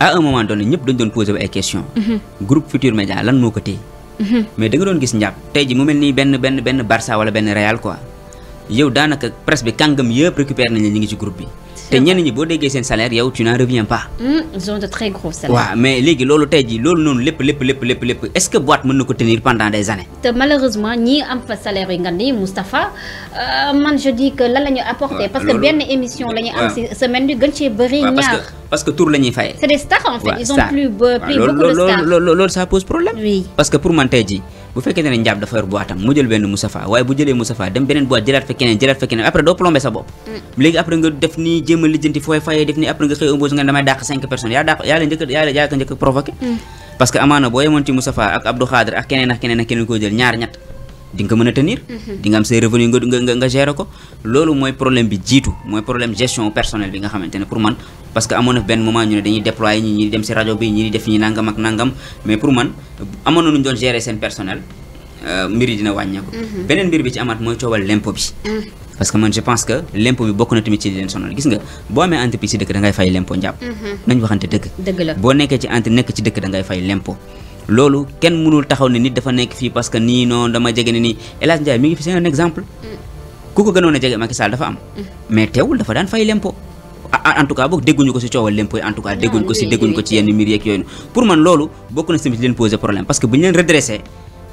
à un moment donné ñëpp dañ doon posé ay question mhm. groupe Futur Média lan moo ko téye mhm. mais da nga doon gis njàpp tey ji mu mel nii benn benn benn Barça wala benn Real quoi yow daanaka presse bi kàngam yëpp récupéré nañ la ñu ngi bi te ñenn ñi boo déggee seen salaire yow tu n'en reviens pas. Hmm, ils ont de très gros salaires. waaw mais léegi loolu tey jii loolu noonu lépp lépp lépp lépp lépp est-ce que boîte mën na tenir pendant des années. malheureusement ni am fa salaire yi ni Moustapha euh, man je dis que lan la ñu apporté. parce que bien émission la ñuy am semaine du gën cee bëri ñaar. parce que tour la ñuy c'est des stars en fait ils ont plus plus beaucoup de stars. loolu ça pose problème. oui parce que pour man bu fekkee ne njàpp dafa yor boîte am mu jël benn Moustapha waaye bu jëlee Moustapha dem beneen boîte jëlaat fa keneen jëlaat fa keneen après doo plombé sa bopp mm. léegi après nga def nii jéem a fooy fayee def nii après nga xëy embauché nga damay dàq cinq personnes yaa dàq yaa la njëkk yaa la njëkk provoqué mm. parce que amaana boo yemoon ci Moustapha ak Abdou Khadre ak keneen ak keneen ak keneen koo jël ñaar ñett di nga mën a tenir. Mhm. di nga am say revenu nga nga nga gérer ko. loolu mooy problème bi jiitu mooy problème gestion personnel bi nga xamante ne pour man parce que amoon na ne dañuy déployer ñi ñi dem si rajo bi ñi di def ñi nangam ak nangam mais pour man amoon na nu ñu doon gérer seen personnel euh, mbir yi dina wàññeeku. Mhm. beneen mbir bi ci amaat mooy coowal l'impôt bi. Mhm. parce que man je pense que l'impôt bi bokk na tamit ci leen sonal gis nga boo amee entreprise ci dëkk da ngay fay l'impôt njàpp. nañ waxante dëgg. boo nekkee ci entre nekk ci dëkk da fay l'impôt loolu kenn mënul taxaw ne nit dafa nekk fii parce que nii non dama jege nii El Hadj Ndiaye ngi fi c'est exemple. Mm. ku ko gënoon a jege Macky Sall dafa am. Mm. mais teewul dafa daan fay lempo. en tout cas boog dégguñu ko si coowal lempo yi en tout cas dégguñu ko si dégguñu ko ci yenn yooyu pour man loolu bu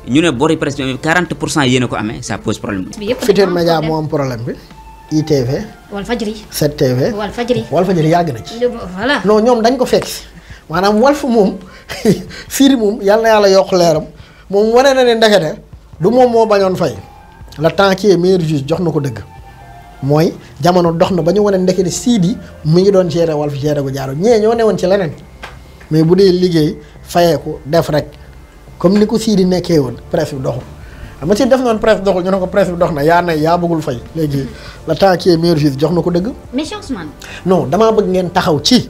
ñu ne bori presque 40 ko amee ça pose problème bi. Futurs Médias moo am problème bi. ITV. Walfadjri. 7TV. Walfadjri. Walfadjri yàgg na ci. voilà non ñoom dañ ko maanaam Walf moom Sidy moom yàlla na yàlla yokk leeram moom wane na ne ndekete du moom moo bañoon fay le temps qui est jox na ko dëgg mooy jamono dox na ba ñu wane ndekete Sidy mu ngi doon gérer Walf gérer gu jaarul ñee ñoo newoon ci leneen mais bu dee liggéey fayeeku def rek comme ni ko Sidy nekkee woon presse bi doxul xam si def noonu presse doxul ñu ko presse dox na yaa ne yaa bëggul fay léegi le temps qui est jox na ko dëgg. mais non damaa bëgg ngeen taxaw ci.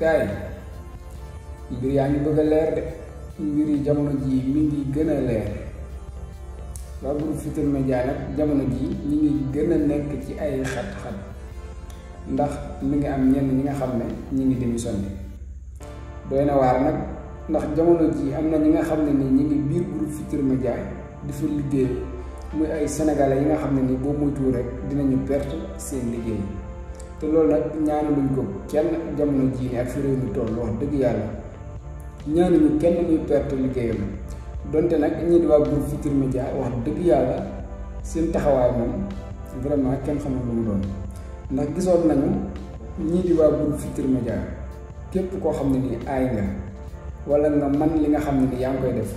gars yi mbir yaa ngi bëgg leer de mbir yi jamono jii mi ngi gën a leer waa Groupe Futurs Médias nag jamono jii ñi ngi gën a nekk ci ay xat-xat ndax mi ngi am ñenn ñi nga xam ne ñi ngi démissionné doy na waar nag ndax jamono jii am na ñi nga xam ne ni ñi ngi biir Groupe Futurs Médias di liggéey muy ay sénégalais yi nga xam ne ni boo moytuwul rek dinañu perte seen liggéey. te loolu nag luñ ko kenn jamono jii ne ak fi réew mi toll wax dëgg yàlla ñaanuñu kenn muy perte liggéeyam donte nag ñii di waa groupe Futurs Médias wax dëgg yàlla seen taxawaay moom vraiment kenn xamul lu mu doon ndax gisoon nañu ñii di waa groupe Futurs Médias képp koo xam ne nii aay nga wala nga man li nga xam ne nii yaa ngi koy def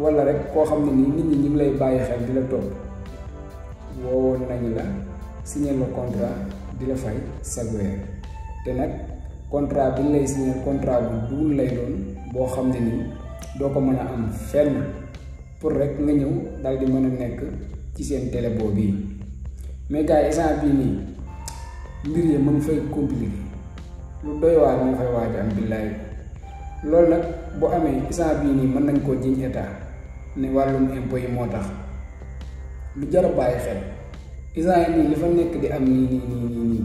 wala rek koo xam ne nii nit ñi ñu ngi lay bàyyi xel di la topp woowoon nañu la signé le contrat. di la fay sa te nag contrat bi ñu lay signé contrat bu duul lay doon boo xam ne nii doo ko mën a am fenn pour rek nga ñëw dal di mën a nekk ci seen télé boobu yi mais gars yi instant bii nii mbir yi mën fay compliqué lu doy waar moo fay waaj am billaay loolu nag boo amee instant bii nii mën nañ koo jiñ état ne wàllum impôt yi moo tax lu jar a bàyyi xel. Israël nii li fa nekk di am nii nii nii nii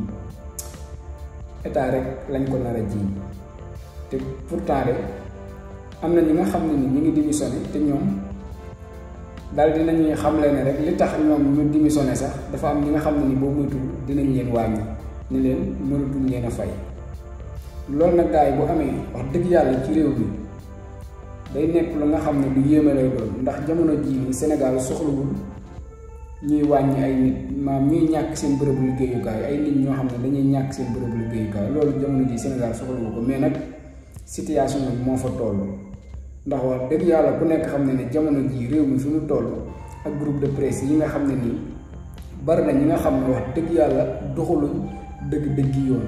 rek lañ ko nar jii ji te pourtant de am na ñi nga xam ne ni ñu ngi démissionné te ñoom dal daal dinañuy xamle ne rek li tax ñoom ñu démissionné sax dafa am ñi nga xam ne ni boo moytuwul dinañ leen wàññi ni leen mënatuñ leen a fay loolu nag gars yi bu amee wax dëgg yàlla ci réew bi day nekk lu xam ne lu yéeme lay doon ndax jamono jii nii Sénégal ñuy wàññi ay nit maam ñuy ñàkk seen bërëbu gaay ay nit ñoo xam ne dañuy ñàkk seen bërëbu gaay loolu jamono ji Sénégal soxla ko mais nag situation bi moo fa toll ndax wax dëgg yàlla ya, ku nekk xam ne ne jamono ji réew mi fi mu toll ak groupe de presse yi nga xam ne nii bari na ñi nga xam ne wax dëgg yàlla ya, doxaluñ dëgg-dëgg yoon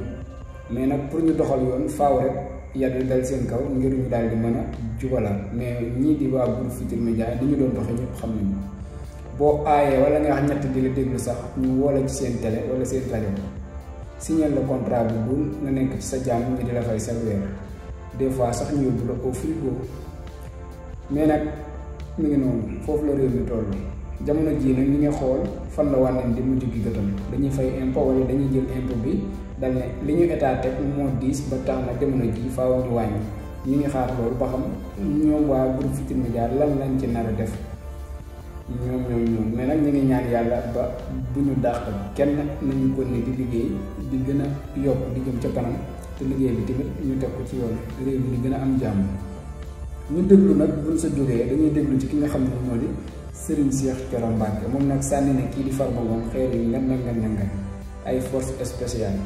mais nag pour ñu doxal yoon faaw rek yàlla dal seen kaw ngir ñu daal di mën a jubalaat mais ñii di waa groupe Futurs Médias li ñu doon doxe ñëpp xam nañu bo ayé wala nga xam ñett di la déglu sax ñu wala ci seen télé wala seen rajo signal le contrat bu dul nga nekk ci sa jamm ñu di la fay sa weer des fois sax ñu yóbbu la au frigo mais nak mi ngi non fofu la réew mi toll jamono ji nak ñi ngi xol fan la wane di mujj gi gëtam dañuy fay impôt wala dañuy jël impôt bi dal né li ñu état teg mo 10 ba tax na jamono ji faaw ñu wañu ñi ngi xaar lolu ba xam ñoom wa groupe Futurs Médias lan lañ ci nara def ñoom ñoom ñoom mais nag ñu ngi ñaan yàlla ba bu ñu dàq kenn nañu ko ni di liggéey di gën a yokk di jëm ca kanam te liggéey bi tamit ñu teg ko ci yoon réew mi gën a am jàmm ñu déglu nag buñ sa jógee dañuy déglu ci ki nga xam ne moo di Serigne Cheikh Thioro Mbacke moom nag sànni na kii di Farba Ngom xeer yi ngan na ngan ay force spéciale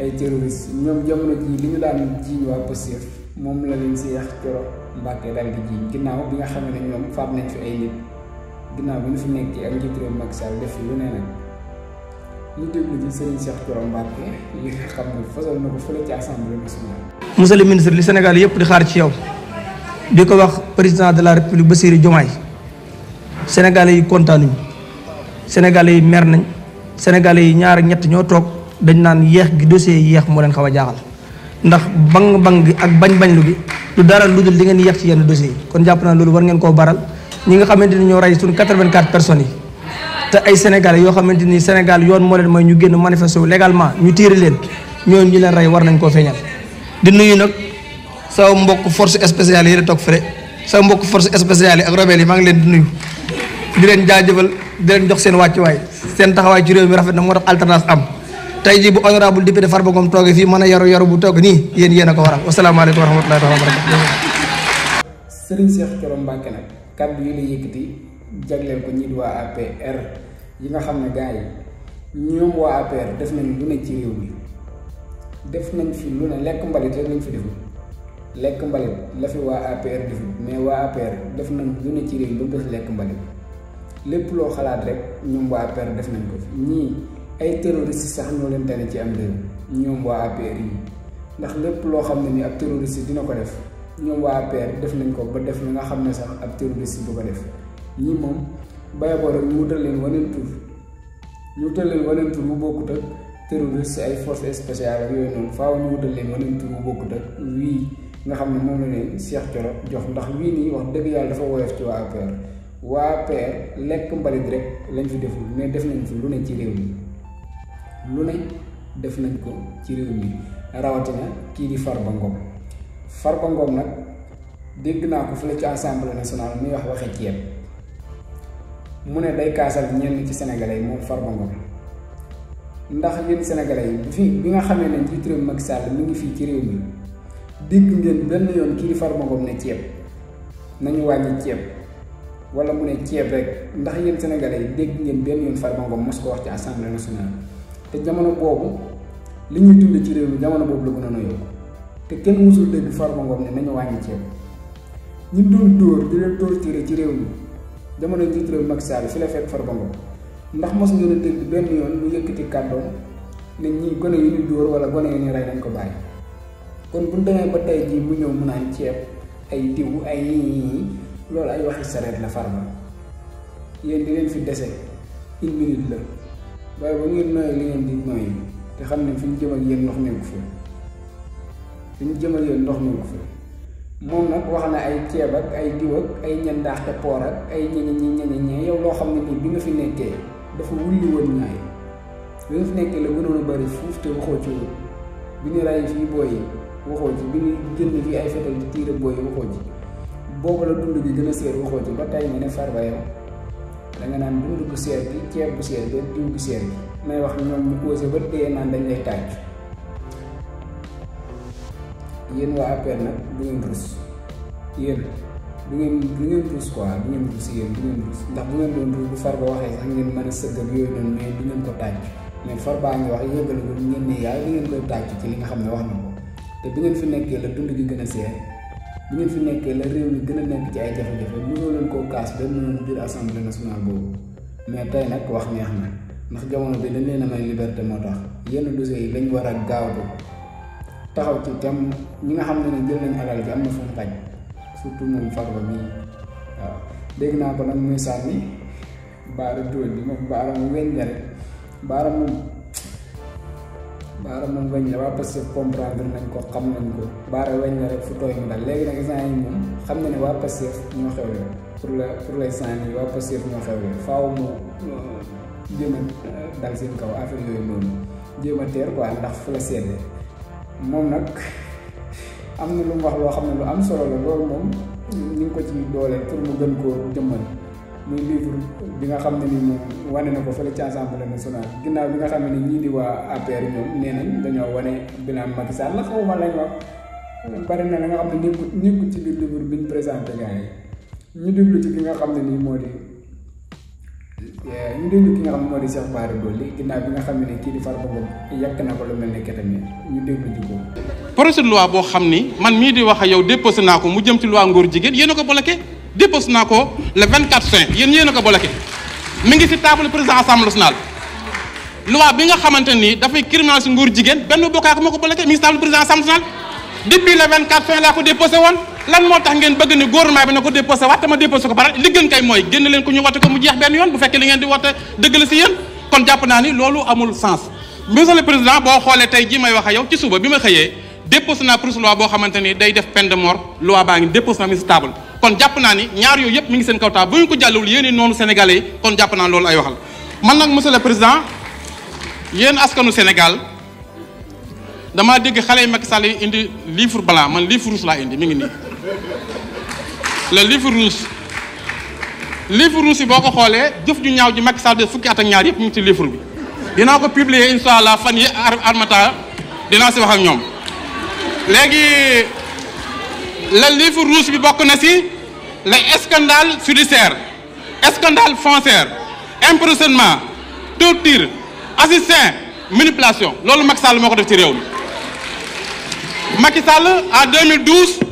ay terroriste ñoom jamono jii li ñu daan jiiñ waa Pastef moom la leen Cheikh Thioro Mbacke daal di jiiñ ginnaaw bi nga xam ne ñoom faat nañ fi ay nit ginnaaw bi ñu fi nekk ci ak njiitu réew Macky Sall def yu ne nag ñu déglu ji sëriñ Cheikh Thioro Mbacké li nga xam ne fasal na ko fële ci assemblée nationale. monsieur le ministre li Sénégal yépp di xaar ci yow di ko wax président de la république Bassirou Diomaye sénégalais yi kontaanuñu sénégalais yi mer nañ sénégalais yi ñaar ak ñett ñoo toog dañ naan yéex gi dossier yi yéex moo leen xaw a jaaxal ndax bang bang gi ak bañ bañ lu gi du dara lu dul di ngeen yéex ci yenn dossier yi kon jàpp naa loolu war ngeen koo baral ñi nga xamanteni ñoo ray sun 84 personnes yi te ay sénégal yo xamanteni sénégal yoon mo leen moy ñu génn manifesto légalement ñu tiiri leen ñooñu ñi leen ray war nañ ko feñal di nuyu nak sa mbokk force spéciale yi tok toog sa mbokk force spéciale yi ak rebel yi ma ngi leen di nuyu di leen jaajëfal di leen jox seen way seen taxaway ci réew mi rafet na moo tax alternance am tay ji bu honorable député Farba gom togué fi mën yaru yaru bu togg ni yeen yeen ko waral wasalaamaaleykum wa rahmatullahi wa barakatuh Serigne Cheikh kàddu yi la yëkkati jagleel ko ñii waa APR yi nga xam ne gars yi ñoom waa APR def nañ lu ne ci réew mi def nañ fi lu ne lekk mbalit rek lañ fi deful lekk mbalit la fi waa APR deful mais waa APR def nañ lu ne ci réew mi ba mu lekk mbalit lépp loo xalaat rek waa APR def nañ ko fi ñii ay terroriste sax ñoo leen tere ci am réew ñoom waa APR yi ndax lépp loo xam ne ni ab terroriste dina ko def ñoom waa APR def nañ ko ba def nga xam ne sax ak terroriste bu ko def ñii moom bayaboo rek ñu wutal leen waneen tur ñu wutal leen waneen tur bu bokkut ak terroriste ay forces spéciales yooyu noonu faaw ñu wutal leen waneen tur bu bokkut ak wii nga xam ne moom la ne Cheikh Thioro jox ndax wii nii wax dëgg yàlla dafa woyof ci waa APR waa APR lekk mbalit rek lañ fi deful mais def nañ fi lu ne ci réew mi lu ne def nañ ko ci réew mi rawatina kii di Farba Ngom far Farba Ngom nag dégg naa ko fële ci assemblée nationale muy wax waxe ceeb mu ne day kaasal ñenn ci sénégalais yi moom Farba Ngom ndax yéen sénégalais yi bi fi bi nga xamee ne njiitu réew Macky Sall mi ngi fii ci réew mi dégg ngeen benn yoon kii Farba Ngom ne ceeb nañu wàññi ceeb wala mu ne ceeb rek ndax yéen sénégalais yi dégg ngeen benn yoon Farba Ngom mos ko wax ci assemblée nationale te jamono boobu li ñuy dund ci réew mi jamono boobu la gën a nuyoo te kenn musul dégg Farba Ngom ne nañu wàññi ceeb ñi doon dóor di leen dóor tere ci réew mi jamono njiit réew Macky Sall fi la fekk Farba Ngom ndax mos ngeen a dégg benn yoon lu yëkkati kàddoom ne ñi gone yi ñu dóor wala gone yi ñu rey nañ ko bàyyi kon bu ñu demee ba tey jii mu ñëw mu naan ceeb ay diw ay yi loolu ay waxi sareet la Farba yéen di leen fi dese une minute la waaye ba ngeen nooyee li ngeen di nooyee te xam ne fi ñu jëm ak yéen wax neeku fi fi jëmal yoon ndox ko fi moom nag wax na ay ceeb ak ay diw ak ay ñan daaxte poor ak ay ñeneen ñi ñeneen ñee yow loo xam ne nii bi nga fi nekkee dafa wulli woon ñaay bi nga fi nekkee la gënoon a bëri fuuf te waxoo ci woon bi ñu ray fii booy yi waxoo ci bi ñu jënd fii ay fetal di tiire booy yi waxoo ci boobu la dund gi gën a seer waxoo ci ba tey mi ne farba yow da nga naan dund gu seer bi ceeb bu seer bi diw bu seer bi may wax ñoom ñu osé ba dee naan dañ lay yéen wa apel nak du ngeen rus yéen du ngeen du ngeen rus quoi du ngeen rus yéen du ngeen rus ndax bu ngeen doon rus bu ba waxe sax ngeen man a sëgg ak yooyu noonu mais du ngeen ko tàcc mais ba ngi wax yëgal ko ngeen ni yaa da ngeen koy tàcc ci li nga xamne wax na ko te bu ngeen fi nekké la dund gi gëna a bu ngeen fi nekké la réew mi gëna nekk ci ay jafe-jafe mënoo leen ko kaas ba ñu dir assemblée nationale boobu mais tay nak wax neex na ndax jamono bi dañ leena may liberté motax yeen dossier yi lañ wara gaawu taxaw ci tem ñi nga xam ne ne jël nañ alal bi am na fu mu bañ surtout moom farba waaw dégg naa ko nag muy sànni baara dóor bi moom baara mu weñ la rek baara moom baara moom weñ la waa parce que ko xam nañ ko baara weñ la rek fu tooy mu dal léegi nag instant yi moom xam na ne waa Pastef ñoo xewle pour la pour l'instant nii waa Pastef ñoo xewle faaw mu euh, jéem a euh, dal seen kaw affaire yooyu noonu jéem a teer quoi ndax fu la seetee moom nag am na lu mu wax loo xam ne lu am solo la loolu moom ñu ngi ko ci doole pour mu gën koo jëmmal muy livre bi nga xam ne ni moom wane na ko fële ci Assemblée nationale ginnaaw bi nga xam ne ni ñii di waa APR ñoom nee nañ dañoo wane bilan Macky Sall la ma lañ wax bari na la nga xam ne nekkut nekkut ci biir bi ñu présenté gars yi ñu déglu ci ki nga xam ne nii moo di Eh, ñu déglu ki nga xam ne moo di Cheikh Bara boo xam ni man mii di wax ak yow déposé naa ko mu jëm ci loi ngóor jigéen yéen a ko bloqué déposé naa a ko ngi ci table président assemblée nationale. loi bi nga xamante ni dafay criminaliser ngóor jigéen benn bokkaak moo ko bloqué mi ngi ci table président assemblée nationale depuis le 24 juin laa ko déposé woon. lan moo tax ngeen bëgg ni gouvernement bi na ko déposé waat ma déposé ko baral li gën kay moy génn leen ko ñu wote ko mu jeex ben yoon bu fekkee li ngeen di wote dëgg la si yéen kon japp naa ni loolu amul sens monsieur le président bo xolé tay ji may wax yow ci suba bi ma xëyee déposé na proposition de loi bo xamanteni day def peine de mort loi baa ngi déposé na mi si kon japp naa ni ñaar yooyu yëpp mi ngi seen kawta taal bu ñu ko jàllul yéen noonu sénégalais kon japp naa loolu ay waxal man nak monsieur le président yeen askanu Sénégal dama dégg xalé Macky Sall indi livre blanc man livre rouge la indi mi ngi ni le livre rouge livre rouge boko boo ko ju ñaaw ji Macky Sall de fukki at ak ñaar yépp mu ci livre bi dina ko publier inshallah allah fan yi armata dinaa si wax ak ñom léegi le livre rouge bi bokk na ci le scandale judiciaire scandale foncière emprisonnement torture assassinat manipulation lolu Macky Sall moko def ci réew mi Macky Sall en 2012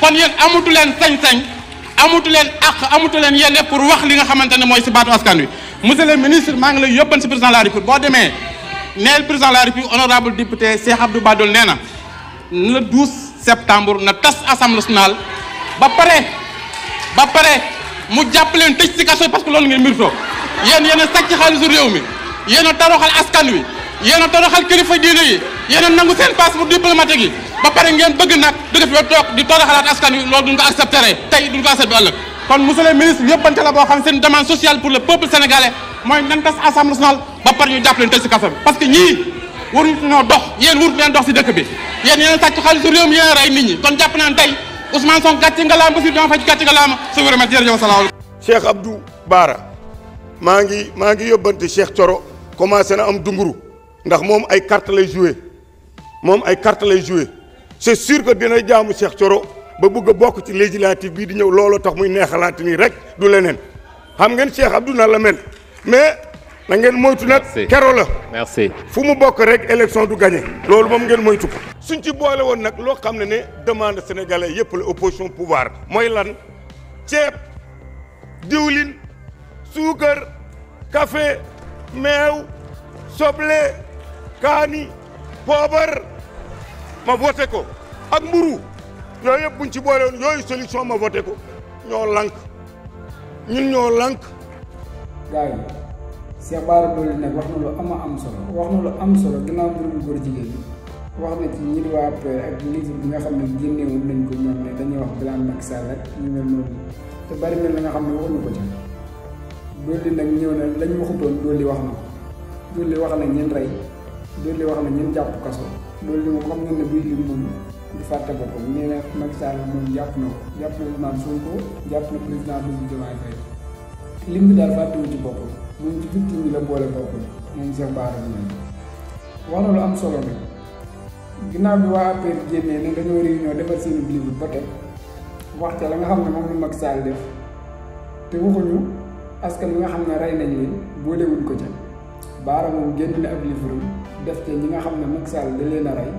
kon yéen amatu leen sañ-sañ amutu leen àq amatu leen yelle pour wax li nga xamante ne mooy si baatu askan wi monsieur le ministre maa ngi lay yóbban si président de la république boo demee neel président de la république honorable député Cheikh Abdou Badoul nee na le 12 septembre na tas assemblée nationale ba pare ba pare mu jàpp leen tëj si kaso parce que loolu ngeen miritoo yéen yéen a sàcc xaalisu réew mi yéen a toroxal askan wi yéen a toroxal kilifa diine yi yéen a nangu seen passeport diplomatique ba pare ngeen bëgg nak dëgg fi tok di toog xalaat askan wi loolu duñ ko accepté tay duñ ko accepté ëlëk kon monsieur le ministre yëppante la bo xam seen demande sociale pour le peuple sénégalais moy nan tass assemblée nationale ba pare ñu jàpp leen tëj si kaso parce que ñi waruñu ñoo dox yeen warut ñen dox ci dëkk bi yéen yéen sàcc xaalisu réew mi yeen ray nit ñi kon japp naan tay Ousmane Sonko gàcce nga laam Bassirou fa ci gàcce nga laam su wér ma jërëjëw salaamaaleykum Cheikh Abdou Bara maa ngi maa ngi yóbbante Cheikh Thioro commencé na am dunguru ndax mom ay carte lay jouer mom ay carte lay jouer c'est sûr que dina Cheikh Thioro ba ci di tax muy rek Cheikh Abdou mais na ngeen moytu la. merci fu bokk rek élection du gagné. loolu moom ngeen moytu suñ ci boole demande sénégalais yëpp la opposition pouvoir mooy lan ceeb diwlin café meew soble kaani poobar ma voté ak mburu yoy yëpp buñ ci bolé won yoy solution ma voté ko ñoo lank ñun ñoo lank gaay yi Cheikh Bara Dolly nag wax na lu am am solo wax na lu am solo ginnaaw mbirum góor jigéen jigeen wax na ci ñi wa pe ak ñi bi nga xam gënne wu nañ ko ñoom ne dañuy wax blan Macky salat ñu mel noonu te bari mel nga xam ne ko ci Dolly nak ñew na lañ waxutoon Dolly wax na ko Dolly wax na ñeen rey Dolly wax na ñeen jàpp kaso Dolly moom xam ngeen ne buy lim moom du fàtte boppam nee na Macky Sall moom jàpp na ko jàpp na Ousmane Sonko jàpp na président Bassirou Diomaye Faye lim bi daal fàttewu ci boppam moom ci victime yi la boole boppam moom Cheikh Bara Dolly wax na lu am solo nag ginnaaw bi waa APR génnee ne dañoo réunion defar seen i livre ba tey wax ca la nga xam ne moom la Macky Sall def te waxuñu askan wi nga xam ne rey nañu leen boolewuñ ko ca Bara moom génn na ab livre def te ñi nga xam ne Macky Sall da leen a rey.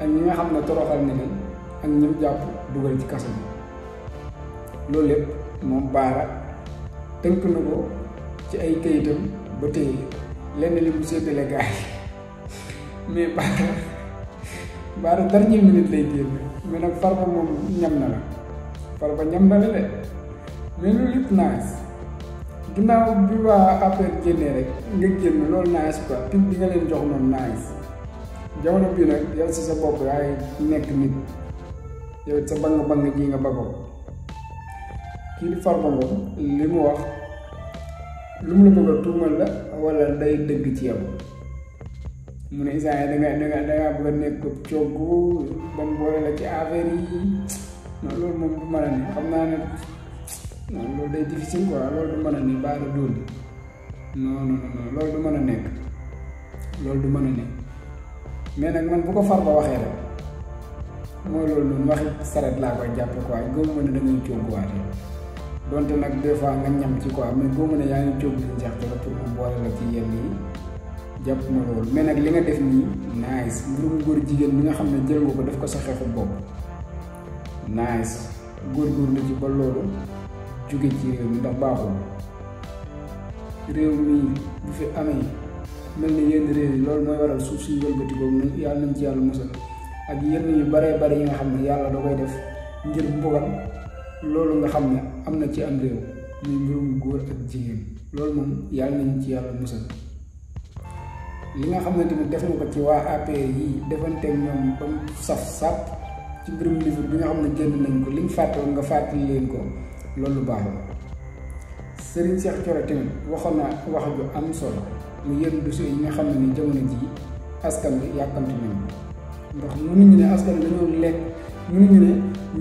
ak ñi nga xam ne toroxal na ak ñim jàpp dugal ci kaso bi loolu lépp moom baara tënk na ko ci ay kayitam ba tey lenn li mu séddale gaa yi mais baara baara dernière minute lay génn mais nag farba moom ñam na la farba ñam na la de mais loolu lépp naas ginnaaw bi waa affaire génnee rek nga génn loolu naas quoi pim bi leen jox noonu naas jawno bi nak yow si sa bopp yaay nekk nit yow sa bang bang ji nga ba ko kii di farba moom li wax lu la bëgg a tuumal la wala day dëgg ci yow mu ne isaan da nga da nga da nga bëgg boole la ci averi non loolu moom du mën ni xamna ne non day difficile quoi du ni baara non non non du nek du nek mais nag man bu ko far ba waxee rek mooy loolu mu waxi saret laa koy jàppe quoi góobu ma ne da ngay cóoguwaatee donte nag des fois nga ñam ci ko mais góobu boo mën ngi cóog di njeex la pour mu boole la ci yenn yi jàpp mais nag li nga def nii nice mbirum góor jigéen bi nga xam ne jël nga ko def ko sa xeexu bopp nice góorgóorlu ci ba loolu jóge ci réew mi ndax baaxul réew mi bu fi amee. mel ni yenn réew yi loolu mooy waral suuf suñu wëlbati boobu nañ yàlla nañ ci yàlla musal ak yenn yu baree bari yi nga xam ne yàlla da koy def ngir mbugal loolu nga xam ne am na ci am réew muy mbirum góor ak jigéen loolu moom yàlla nañ ci yàlla musal li nga xam ne tamit ko ci waa APR yi defanteeg ñoom ba mu saf sàpp ci mbirum livre bi nga xam ne génn nañ ko liñ fàttewoon nga fàttali leen ko loolu baax la Serigne Cheikh Thioro tamit waxoon na wax ju am mu yéen dossier yi nga xam ne ni jamono ji askan bi yàkkamti nañu ndax mënuñu ne askan bi dañoo lekk mënuñu ne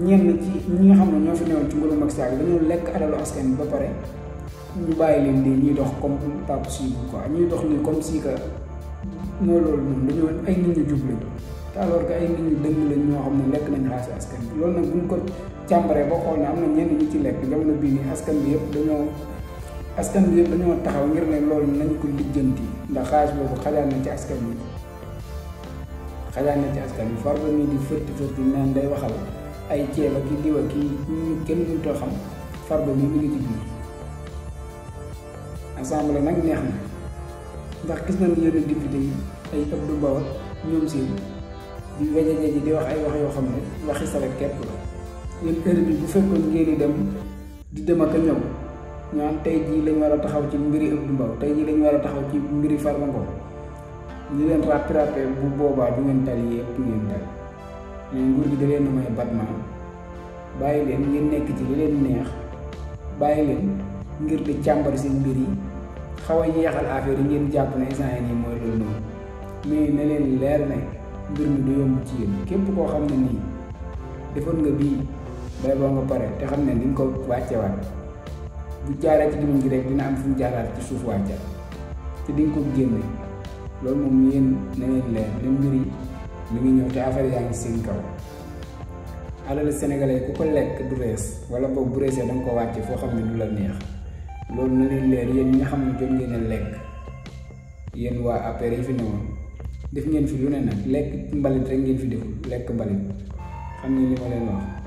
ñenn ci ñi nga xam ne ñoo fi newoon ci nguuru Macky Sall dañoo lekk alalu askan bi ba pare ñu bàyyi leen di ñuy dox comme pape si quoi ñuy dox nii comme si que mooy loolu noonu dañoo ay nit ñu jublu te alors que ay nit ñu dëng lañ ñoo xam ne lekk nañ xaalis askan bi loolu nag buñ ko càmbaree ba xool ne am na ñenn ñi ci lekk jamono bii nii askan bi yëpp dañoo. askan bi yëpp dañoo taxaw ngir ne loolu nañ ko lijjanti ndax xaalis boobu xajaan na ci askan bi xajaan na ci askan bi farba mii di fërti fërti naan day waxal ay ceeb ak diw ak ñu kenn mënutoo xam farba mii mi ngi ci biir assemblée nag neex na ndax gis nañ yenn député yi ay Abdou Ba ñoom seen di wejeje ji di wax ay wax yoo xam ne waxi rek képp la yéen heure bi bu fekkoon ngeen di dem di dem ak a ñëw ñaan tay ji lañ wara taxaw ci mbiri Abdou Mbaw tay ji lañ wara taxaw ci mbiri farma Ngom ñu leen ràpp ràppee bu boba du ngeen tali yépp du ngeen tali ñu nguur gi da leen a may batman bàyyi leen ngeen nekk ci leen neex bayi leen ngir di chamber seen mbiri xawa xaw yeexal affaire yi ngeen jàpp ne instant yi moy mooy loolu noonu mais na leen leer ne mbir ñu du yomb ci yeen képp ko xamni ni defon nga bi bay boo nga paré té xamné ne ni nga ko wàccewaat bu jaare ci dimon gi rek dina am fu mu jaaraat ci suuf waaja te di nga ko génne loolu moom yéen na leen leer ne mbir yi mi ngi ñëw te affaire yaa ngi seen kaw alal sénégalais ku ko lekk du rees wala boog bu reesee da ko wàcce foo xam ne du la neex loolu na leen leer yéen ñi nga xam ne jot ngeen a lekk yéen waa APR yi fi newoon def ngeen fi lu ne nag lekk mbalit rek ngeen fi deful lekk mbalit xam ngeen li ma leen wax